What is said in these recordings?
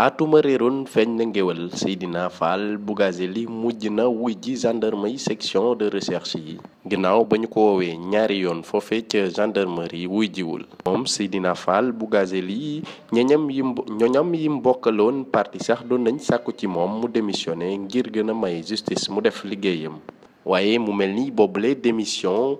atuma réeroon feeñ na ngéwal Seydina Fall Bougazelli mujj na wuy ji gendarmerie section de recherche yi ginnaaw ba ñu ko woowee ñaari yoon foofe ca gendarmerie wuy jiwul moom Seydina Fall Bougazelli ñoñam yim ñoñam yim bokkaloon parti sax doon nañ sàkku ci moom mu démissionné ngir gën a may justice mu def liggéeyam waaye mu mel ni boobule démission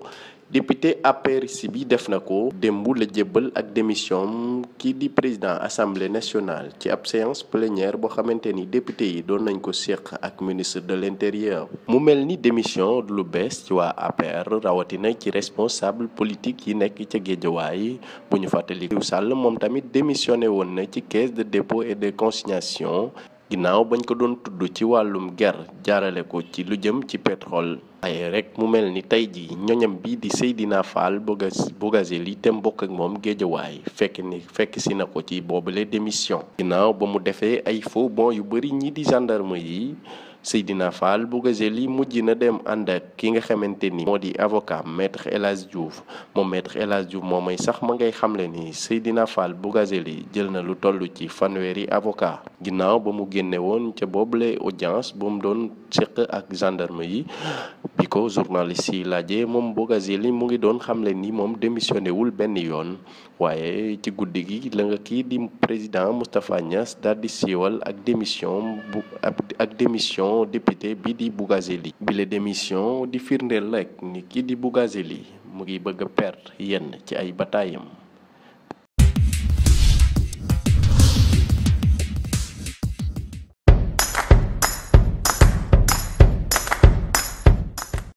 député APR si bi def na ko démb la jébbal ak démission kii di président assemblée nationale ci ab séance plénière boo xamante ni député yi doon nañ ko séq ak ministre de l'intérieur mu mel ni démission lu bees ci waa APR rawatina ci responsable politique yi nekk ca Géejawaay bu ñu fàttali Sall moom tamit démissionné woon na ci caisse de dépôt et de consignation ginnaaw bañ ko doon tudd ci wàllum ger jaarale ko ci lu jëm ci pétrole. ay rek mu mel ni tey ji ñoñam bi di Seydina Fall Bougazelli te mbokk ak moom géejawaay fekk ni fekk si na ko ci boobale démission. ginnaaw ba mu defee ay faux bond yu bari ñii di gendarme yi. Seydina Fall Bougazelli mujj na dem ànd ak ki nga xamante ni moo di avocat maître El Hadj Diouf moom maître El Hadj Diouf moo may sax ma ngay xamle ni Seydina Fall Bougazelli jël na lu toll ci fanweeri avocat ginnaaw ba mu génne woon ca boobule audience bu mu doon seq ak gendarme yi bi ko journaliste yi laajee moom Bougazelli mu ngi doon xamle ni moom démissionné wul benn yoon waaye ci guddi gi la nga kii di président Moustapha Niass daal di siiwal ak démission ak démission député bi di Bougazeli bi la démission di firndeel rek ni kii di Bougazeli mu ngi bëgg a perte yenn ci ay bataayam